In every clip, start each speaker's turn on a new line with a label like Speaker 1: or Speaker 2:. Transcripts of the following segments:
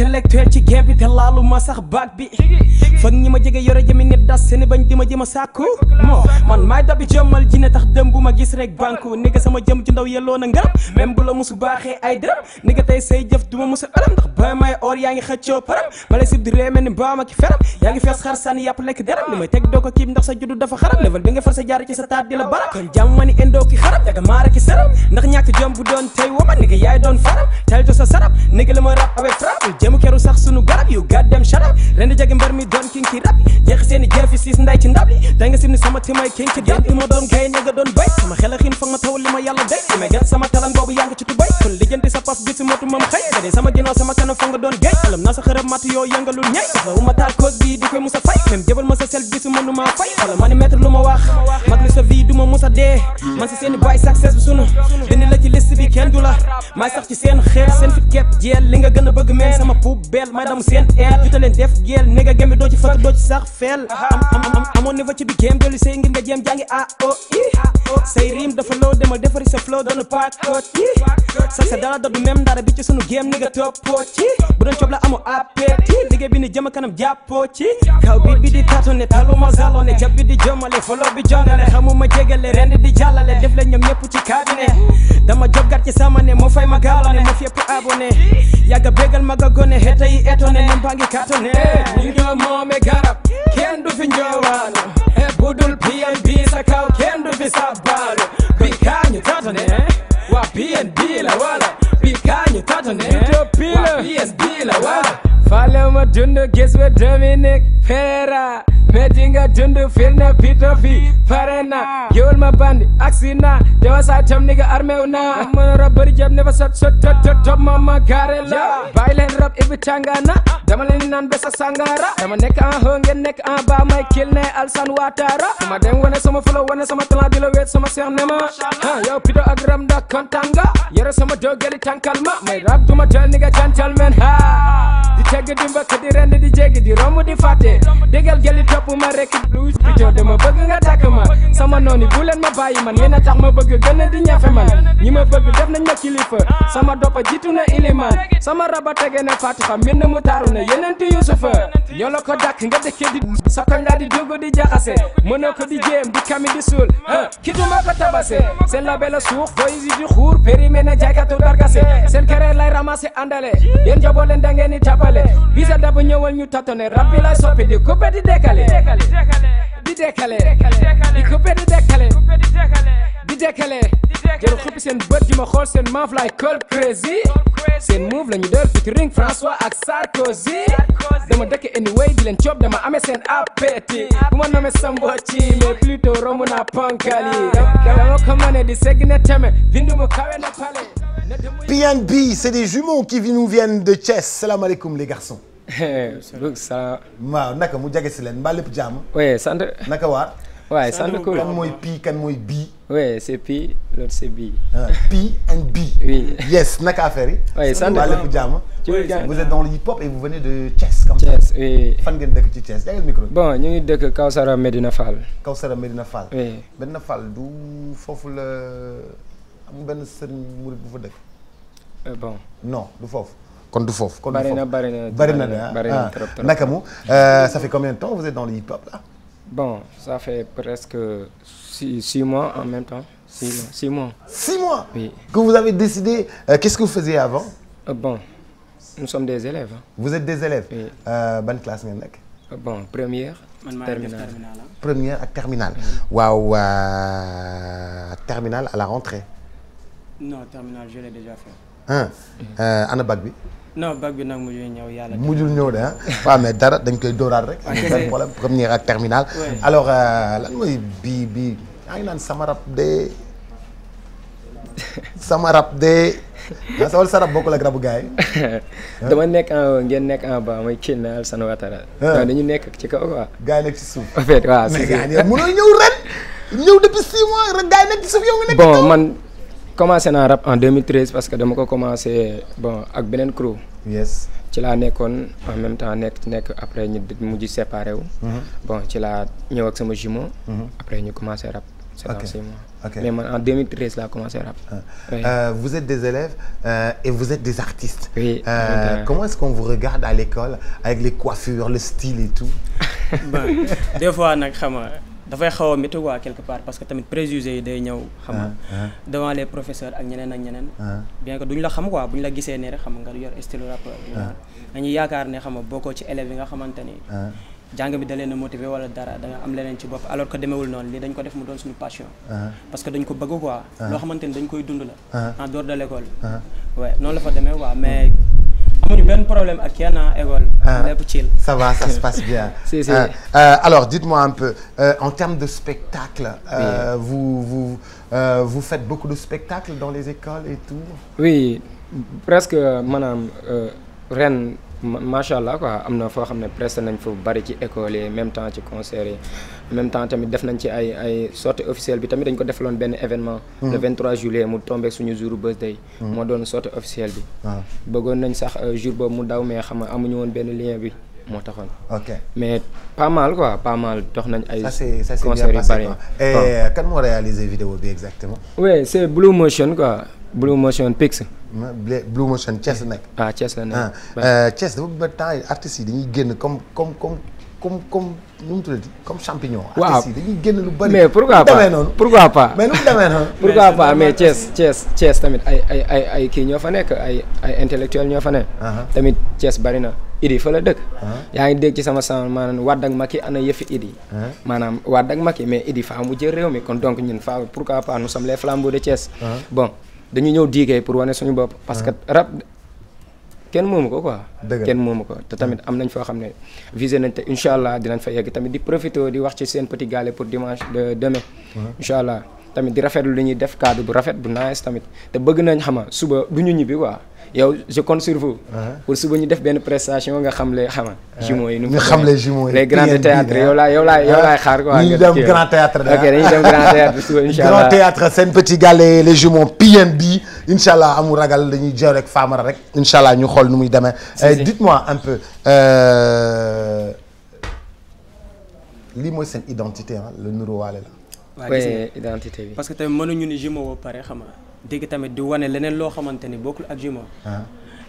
Speaker 1: intellectuel ci géej bi te laaluma sax baag bi fan ñi ma jege yore jëmi nit das seeni bañ di ma jëm a sàkku moo man maay dabi jëmmal ji ne tax dëm bu ma gis rek banku ni nga sama jëm ju ndaw yelloo na ngërëm même bu la musu baaxee ba may or yaa ngi ma lay sib di réemé yaa ngi fees xar sànni yàpp ah. sa juddu dafa xaram level bi nga far sa jaar sa taat di la baram ah. kon jàmm ma ni indoo ki xaram daga maara ki saram ndax ñàkk jom bu doon tey wama ni nga yaay doon faram tey to sa sarab ni nga ma rab avec frappe demu keru sax sunu garab yu jeex seeni jeefi siis nday ci ndab li day nga sim ni sama timay king ci gab li ma doon gay ne nga doon bay a xiin fa nga taw li day ma gat sama talan boobu yaa ngi ci sa paf gis motu moom xëy nga de sama ginnaaw sama kanam fa nga doon géej alam naa sa xërëb matt yoo yëngalul ñey wu ma taal cause bi di koy musa fay même jëbal ma lu ma wax mat sa vie du ma musa dee man si seen i boy succès bi sunu dindi la ci liste bi kenn du la maay sax ci seen xeet seen fi jeel li nga gën a bëgg meen sama poubelle may dam seen eel juta def geel ne nga gembi doo ci fëkk doo ci sax feel am am am amoon niveau ci bi géem delu sey ngir nga jéem jàngi AOI du même dara bi ci sunu game ni nga toppoo ci bu doon coob la amu appétit liggéey bi ni jëm kanam jàppoo kaw bi bi di tâtonné taluma zalone jab bi di jomale folo bi jongale xamuma jégale rend di jàllale def la ñoom ñëpp ci cabinet dama joggat ci sama ne moo fay ma gaalone moo fi yëpp abonné yàgga bégal ma gagone xeta yi étonné nam baa ngi cartonné ñu ñoo moome garab kenn du fi njoowaano e eh, budul PNB sa kaw kenn du fi sabbaalu bi kaa ñu tâtonné
Speaker 2: waa yes bii la waaw. fàlle ma dund gis ba Dominique Pera. ne dinga dund firnde pito fi pare na yewol ma bandi aksi na dewa sa tam niga armew na mën rab bëri jëm ne fa sot sot tot tot top mama la bàyyi rab ibi tàngaana dama leen naan besa sangara dama nekk en ho nekk en ba may kil alsan waatara ma dem wane sama folo wane sama talent di la weet sama seex ne ma yow pito ak ram da kontaan nga yore sama dogeli tànkal ma may rab duma tel niga cantal men ha di tegg di mbëkk di rend di jéggi di romb di fàtte jàpp ma rek luus bi joo dama bëgg nga dàkk ma sama noonu bu leen ma bàyyi man yéen a tax ma bëgg gën a di ñafe man ñi ma bëgg def nañ ma sama doppa jiitu na iliman sama raba tege na fatiha mbir na mu taaru na yenenti yusufa ñoo ko dàkk nga dëkke di sa koñ laa di dugg di jaxase mënoo ko di jéem di kami di suul ah kituma ko tabase seen la bela suux boyisi di xuur périmé na jaaykatu dargase seen kereer lay ramassé andale yéen jaboo leen da di dekkale di xuppe di dekkale di dekkale jël xuppi seen bët di ma xool seen maaf laay call crazy seen move la ñu dër de François ak Sarkozy dama dëkk anyway di leen coob dama amee seen appétit bu ma namee sambo ci mais plutôt romb naa pankal yi dama ko mëne di segg ne teme bindu mu kawe na pale
Speaker 3: PNB c'est des jumeaux qui nous viennent de Thiès salaamaaleykum les garçons
Speaker 2: ma naka mu jage si leen mbaa lépp jàmm. oui sant. naka waat. waay sant ko kan mooy P kan mooy B. oui c'est P l'autre c'est B. Ah, P and B. oui yes naka affaire yi. oui sant mbaa lépp jàmm. vous êtes dans le
Speaker 3: hip hop et ngeen dëkk ci Thiès jagleel micro
Speaker 2: bon ñu ngi dëkk Kawsara Medina Fall. Kawsara Medina Fall. oui
Speaker 3: Medina Fall du foofu la amul benn sëriñ murid bu fa dëkk. Euh, bon non du foofu.
Speaker 2: kon du foofu kon bari na
Speaker 3: bari na na ah naka mu euh, ça dans le hip hop
Speaker 2: là. bon ça fait presque six six mois en même temps six mois six que vous avez décidé euh, qu'est-ce que vous faisiez avant. Euh, nous sommes des élèves. Hein. vous êtes des élèves. oui classe ngeen bon première.
Speaker 1: terminale
Speaker 3: première ak terminale. waaw à la rentrée.
Speaker 1: non terminale je déjà fait.
Speaker 3: ah ana
Speaker 1: non bac bi nag mujjul ñëw yàlla. mujjul ñëw de ah waaw mais dara dañ koy dóoraat rek. am benn problème comme ni ak terminal. alors
Speaker 3: euh, lan mooy bii bii yaa sama rab de
Speaker 2: sama rab de. ah sa rab bokkul ak rabu gars yi. dama nekk en ngeen nekk en bas mooy Thiel na Alassane Ouattara. Ah. waaw dañu nekk ci kaw quoi. gars yi nekk ci en fait waaw man. commencé naa rap en 2013 parce que dama ko commencé bon ak beneen crew yes ci laa nekkoon en même temps nekk nekk après ñu mujj mhm. bon ci la ñëw ak sama jumeau. Mhm. après ñu commencé rap. ok ok mais man en 2013 laa commencé rap. Ah. Euh, vous êtes des élèves euh, et vous êtes des artistes. oui
Speaker 3: euh, comment est-ce qu'on vous regarde à l'école avec les coiffures le style et tout.
Speaker 1: bon fois nag xam dafay xaw a métti quoi part parce que tamit préjugés yi day ñëw. xam nga ah, ah. devant les professeurs ak ñeneen ak ñeneen. Ah. bien que duñ la xam quoi buñ la gisee ne rek xam nga yor style rappeur. dañuy yaakaar ne xam nga bokkoo ci élèves yi nga xamante ni. jàng bi da leen a motiver wala dara da nga am leneen ci bopp alors que demeewul noonu lii dañ ko def mu doon suñu passion. parce que dañ ko bëgg quoi. loo xamante ni dañ koy dund la. en dehors de l' école. noonu la fa demee quoi mais. amuñu benn problème ak kenn école. Ah, lépp chill. ça va ça se passe bien. si si euh,
Speaker 3: euh, alors dites-moi un peu
Speaker 2: euh, en termes de spectacle. vous vous vous faites beaucoup de spectacles dans les écoles et tout. oui presque maanaam ren. macha allah quoi am na foo xam ne presté nañ fu bari ci école yi même temps ci concert yi en temps tamit def nañ ci ay ay sortie bi tamit dañ ko defaloon benn événement. Hmm. le 23 juillet mu tombé suñu jour birthday. Hmm. moo doon sortie officielle bi. Ah. bëggoon nañ sax euh, jour boobu mu daw mais xam nga amuñu woon benn lien bi. moo taxoon ok mais pas mal quoi pas mal dox nañ ay. concert yu bari ça c'est ça c'est
Speaker 3: ah. moo réalisé vidéo bi exactement.
Speaker 2: oui c'est Blue Motion quoi. Blue Motion Pix. Blue Motion Thiès ah, la nekk.
Speaker 3: ah Thiès la nekk.
Speaker 2: ah dafa
Speaker 3: ba temps yi yi dañuy génn comme comme comme comme comme nu comme champignon. waaw artistes yi dañuy génn lu bari. mais pourquoi pas
Speaker 2: pourquoi pas mais nu mu tamit ay ay ay kii ñoo fa nekk ay ay intellectuel ñoo fa nekk. Uh-huh. tamit Thiès bari na. idi fa la dëkk. Uh-huh. yaa ngi dégg ci sama sama maanaam Wade ak Macky ana yëfi idi. Uh-huh. maanaam Wade ak Macky mais idi faa mu jël réew mi kon donc ñun faa pourquoi pas nous sommes les flambeaux de Thiès. dañu ñëw diigee pour wane suñu bopp. Ah. parce que rap kenn moomu ko quoi. kenn moomu ko te tamit ah. am nañ foo xam ne visé nañ te incha allah dinañ fa yegg tamit di profité di wax ci seen petit gallé pour dimanche de demain. Ah. incha allah. tamit di rafetlu li ñuy def cadre bu rafet bu nice tamit te bëgg nañ xama suba du ñu ñibbi quoi yow je compte sur vous. Uh-huh. pour suba ñu def benn prestation nga xam le xama uh-huh. jumeaux yi ñu xam le jumeaux yi les grands théâtres uh-huh. yow laay yow laay yow laay xaar quoi. ñu dem grand théâtre ok dañuy dem grand théâtre suba incha allah grand théâtre
Speaker 3: seen petit incha allah amul ragal dañuy jeew rek Famara rek incha allah ñu xool nu muy demee. Eh, dites-moi un peu. Euh, lii mooy seen identité ah la nuróowaale la.
Speaker 1: waaye identité bi parce que tamit mënuñu ni jumeau ba pare xam nga dégg tamit di wane leneen loo xamante ni bokkul ak jumeau. Ah.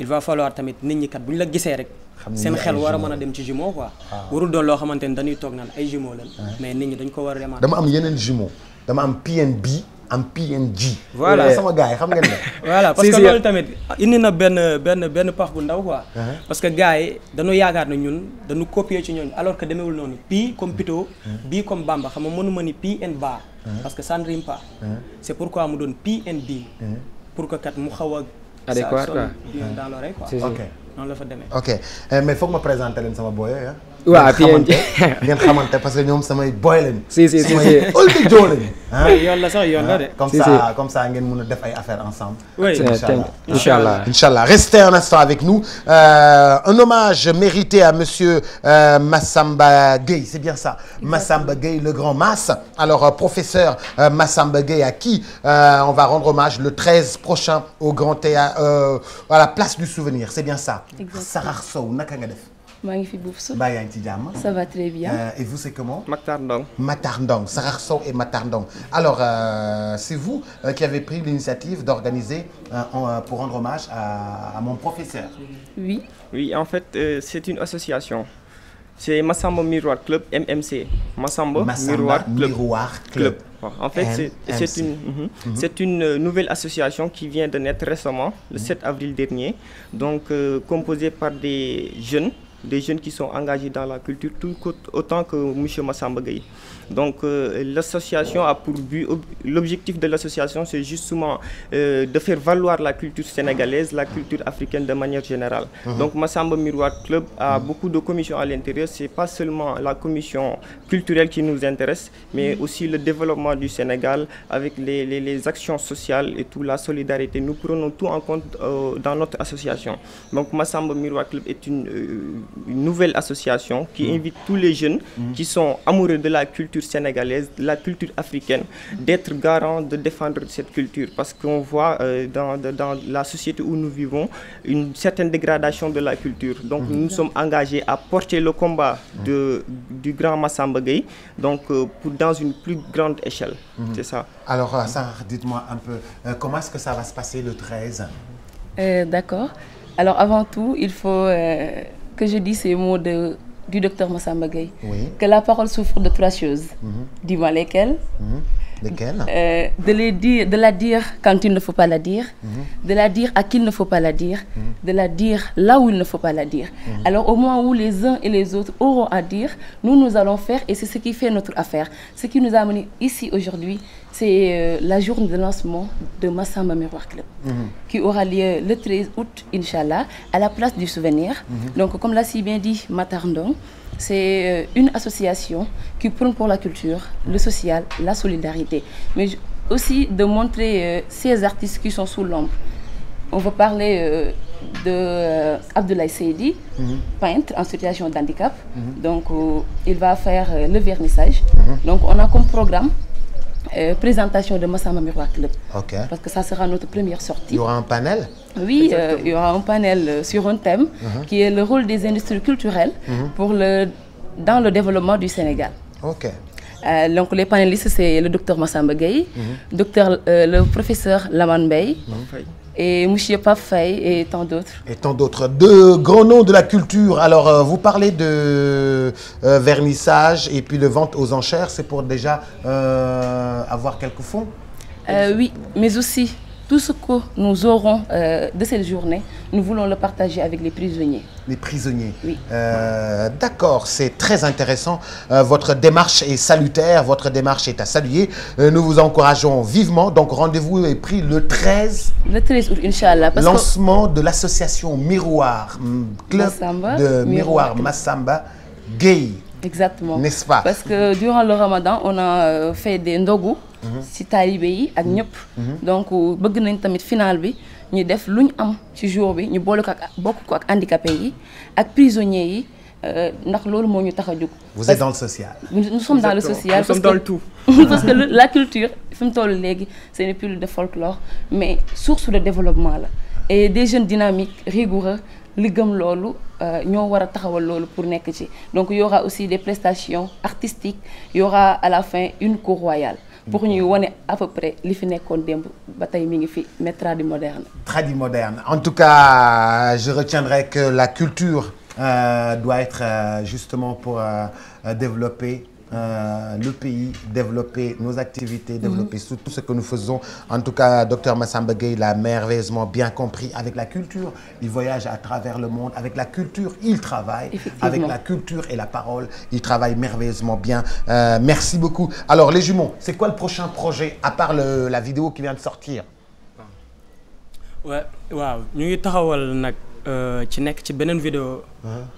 Speaker 1: il va falloir tamit nit ñi kat bu ñu la gisee rek. seen xel war a man a dem ci jumeau quoi. Ah. warul doon loo xamante ni dañuy toog naan ay jumeau lan ah. mais nit ñi dañ ko war a dama
Speaker 3: am yeneen jumeau dama am PNB. am PNG. voilà sama gars yi xam ngeen
Speaker 1: voilà parce que loolu tamit indi na benn benn benn pax bu ndaw quoi. Uh-huh. parce que gars yi dañoo yaakaar ne ñun danu copier ci ñooñu alors que demeewul noonu P comme Pito. Uh-huh. bi comme Bamba xam nga mënuma ni P and bar. Uh-huh. parce que ça ne rime pas. c' est pourquoi mu doon P and B. pour que kat mu xaw a. adéquat quoi dans ok noonu la fa demee. ok
Speaker 3: eh, mais foog ma présenter leen sama booyee ah. waaw parce que ñoom samay boy lañ. si ngeen mën def ay affaires ensemble. oui incha allah incha allah restez un instant avec nous euh, un hommage mérité à monsieur euh, c'est bien ça. Massamba le grand Mass. alors euh, professeur euh, à qui euh, on va rendre hommage le prochain au Grand Théâtre euh, à la place du souvenir c'est bien ça. Sarar Sow naka
Speaker 4: maa ngi fi Boubsou. mbaa yaa ngi ci jàmm. Euh,
Speaker 3: et vous c'est comment. Matar Ndong. Matar Ndong Sakhar Sow et Matar Ndong alors euh, c'est vous euh, qui avez pris l'initiative d'organiser euh, pour rendre hommage à, mon professeur.
Speaker 5: oui. en fait c'est une association. c'est Massamba Miroir Club MMC. Massamba Miroir Club Miroir Club. en fait c'est une mm une nouvelle association qui vient de naître récemment le 7 mhm. avril dernier donc composée par des jeunes des jeunes qui sont engagés dans la culture tout autant que monsieur Massamba Gueye Donc euh, l'association a pour but, l'objectif de l'association c'est justement euh, de faire valoir la culture sénégalaise, la culture africaine de manière générale. Mm -hmm. Donc Massamba Miroir Club a mhm. beaucoup de commissions à l'intérieur, c'est pas seulement la commission culturelle qui nous intéresse, mais mhm. aussi le développement du Sénégal avec les, les, les actions sociales et tout la solidarité. Nous prenons tout en compte euh, dans notre association. Donc Massamba Miroir Club est une, euh, nouvelle association qui mhm. les jeunes mm -hmm. qui la culture culture sénégalaise, de la culture africaine, d'être garant, de défendre cette culture. Parce qu'on voit euh, dans, dans, la société où nous vivons une certaine dégradation de la culture. Donc mmh. nous sommes engagés à porter le combat mhm. de, du grand Massamba Gueye, donc euh, dans une plus grande échelle. Mmh. C'est ça.
Speaker 3: Alors, euh, Sarah, dites-moi un euh, que le 13
Speaker 4: euh, avant tout, il faut euh, que je dise ces mots de du docteur Massamba Gueye oui. que la parole de trois choses. Mm-hmm. Dis-moi Euh, de les dire, la dire quand il ne faut pas la dire, mmh. de la dire à qui ne faut pas la dire, mmh. de la dire là où il ne faut pas la dire. Mm-hmm. Alors au moins où les uns et les autres auront à dire, nous, nous allons faire et c'est ce qui fait notre affaire. Ce qui nous a amené ici aujourd'hui, c'est euh, la journée de lancement de Massamba Miroir Club mm-hmm. qui aura lieu le 13 août, Inch'Allah, à la place du souvenir. Mm-hmm. Donc comme l'a si bien dit Matar c'est euh, une association qui prône pour la culture, le social, la solidarité, mais aussi de montrer euh, ces artistes qui sont sous l'ombre. On va parler euh, de Abdoulaye Seydi, mm -hmm. peintre en situation de handicap. Mm -hmm. Donc il va faire le vernissage. Mm -hmm. Donc on a comme programme présentation de Massamba Miroir Club. Okay. Parce que ça sera notre première sortie. Il y aura un panel Oui, euh, il y aura un panel euh, sur un thème mmh. qui est le rôle des industries culturelles mmh. pour le, dans le développement du Sénégal. OK. Euh, donc les panélistes, c'est le docteur Massamba Gueye, mmh. docteur, euh, le professeur Laman Bey, et Monsieur Pafay et tant d'autres.
Speaker 3: Et tant d'autres. Deux grands noms de la culture. Alors, euh, vous parlez de euh, vernissage et puis de vente aux enchères. C'est
Speaker 4: pour déjà euh, avoir quelques fonds euh, Oui, mais aussi tout ce que nous aurons euh, de cette journée, nous voulons le partager avec les prisonniers. Les
Speaker 3: prisonniers Oui. Euh, D'accord, c'est très intéressant. Euh, votre démarche est salutaire, votre démarche est à saluer. Euh, nous vous encourageons vivement. Donc rendez-vous est pris le 13...
Speaker 4: Le 13 août, Inch'Allah. Lancement
Speaker 3: que... de l'association Miroir, mm, club Massamba, de Miroir Massamba Gay. Exactement. N'est-ce pas Parce
Speaker 4: que durant le ramadan, on a euh, fait des ndogou si taalibe yi ak ñëpp. donc bëgg nañ tamit final bi ñu def lu ñu am ci jour bi ñu boole ko ak bokk ko ak handicapé yi ak prisonniers yi euh, ndax loolu moo ñu tax jug jóg.
Speaker 3: vous dans le social.
Speaker 4: nous sommes dans le social nous sommes dans le tout. parce que la culture fi mu toll léegi c' est une pilule de folklore mais source de développement la et des jeunes dynamiques rigoureux. li gëm loolu euh, ñoo war a taxawal loolu pour nekk ci donc y aussi des prestations artistiques y à la fin une cour royale pour ñuy wane à peu près li fi nekkoon démb ba tey mi ngi fi mais tradi moderne.
Speaker 3: tradi moderne en tout cas je retiendrai que la culture euh, doit être euh, justement pour euh, développer. Euh, le pays, développer nos activités, développer mm -hmm. tout ce que nous faisons. En tout cas, docteur Massamba Gueye l'a merveilleusement bien compris avec la culture. Il voyage à travers le monde. Avec la culture, il travaille. Avec la culture et la parole, il travaille merveilleusement bien. Euh, merci beaucoup. Alors, les jumeaux, c'est quoi le prochain projet, à part le, la vidéo qui vient de sortir
Speaker 1: Euh, ci nekk ci beneen vidéo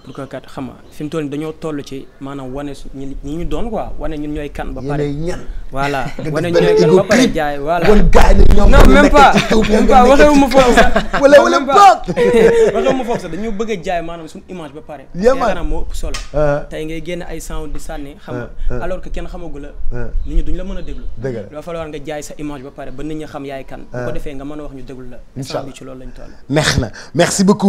Speaker 1: pour ko kat xam nga fi mu toll dañoo toll ci maanaam wane ñi ñu doon quoi wane ñun ñooy kan. ba pare ñan. voilà wane ñun ñooy kan jaay voilà. wan gars yi ñoom non même pas ma foofu sax. wala wala boog dañoo bëgg jaay maanaam suñu image ba pare. yéen a moo ëpp solo. tey ngay génn ay sound di sànni. xam nga alors que kenn xamagu la. nit duñ la mën a déglu. dëgg la dafa falloir nga jaay sa image ba pare ba nit ñi xam yaay kan. bu ko defee nga mën wax ñu déglu la. incha allah ci loolu lañ toll. neex na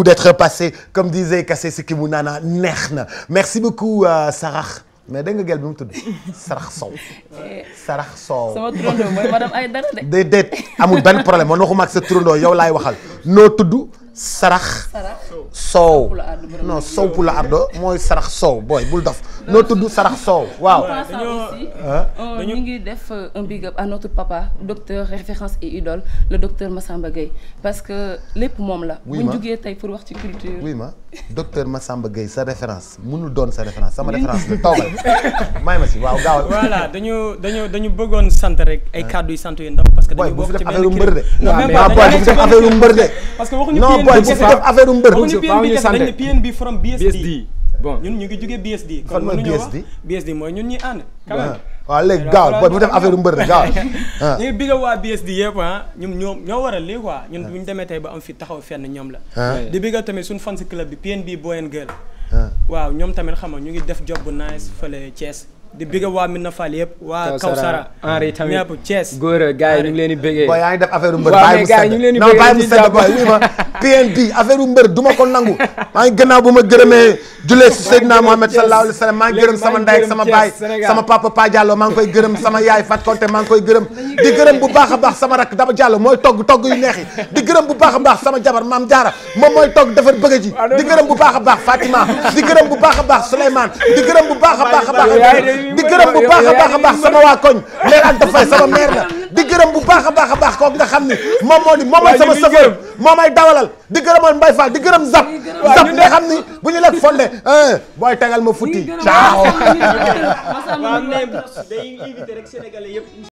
Speaker 3: d'être passé comme disait Kassé Sikimu Nana neex na merci beaucoup euh, Sarax mais dégg nga gel bi mu tudd Sarax Sow. Eh. Sarax Sow sama turandoo
Speaker 4: mooy
Speaker 3: benn problème man waxuma ak sa turandoo yow laay waxal sarax soow non soow pour la ardo mooy sarax soow booy bul dof noo tudd sarax soow waaw
Speaker 4: oh, ñu ngi def euh, un big up à notre papa docteur référence et idole le docteur Massamba Gueye parce que lépp moom la buñ jugee tey pour wax ci culture oui
Speaker 3: ma docteur Massamba Gueye sa référence munul doon sa référence sama référence la toogal may ma si waaw gaawal
Speaker 1: voilà dañu dañu bëggoon sant rek ay kàddu yu sant yu ndaw parce que dañu bokk ci benn mbër de non booy bu fi def affaire mbër. PNB bi from BSD. ñun ñu ngi jógee BSD. kon mooy BSD BSD mooy ñun ñuy ànd. Ah. waaw léegi gaaw booy bu def affaire mbër la gaaw. Ah. ñu ngi bigga waa ah. ñun ñoom ñoo waral lii quoi ñun bu ñu demee tey ba am fi taxaw fenn ñoom la. di bigga tamit suñ fans club bi PNB Boy and Girl. waaw ñoom tamit xam nga ñu ngi def job bu nice fële Thiès. di bëgg waa Mina Fall yëpp. waa Kawsara Henri tamit ñëpp
Speaker 2: Thiès. góor a gars yi ñu ngi leen di bëggee. booy yaa ngi def affaire mbër bàyyi mu sedd ñu ngi booy wuy
Speaker 3: ma PNP affaire mbër du ko nangu. maa ngi gannaaw bu ma gërëmee julee si Seydina Mohamed sallallahu alayhi wa sallam maa ngi gërëm sama ndey ak sama baay sama papa Pa Diallo maa ngi koy gërëm sama yaay Fat Konte maa ngi koy gërëm di gërëm bu baax a baax sama rakk Daba Diallo mooy togg togg yu neexi di gërëm bu baax a baax sama baax a baax Fatima di gërëm a baax a baax a baax di gërëm bu baax a baax a baax sama waa koñ mère Anta Faye sama mère la di gërëm bu baax a baax a baax kooku nga xam ni moom moo di moomal sama safar moomay dawalal di gërëmoon Mbaye Fall di gërëm Zap Zap nga xam ni bu ñu lekk
Speaker 2: fonde booy tegal ma futti ciao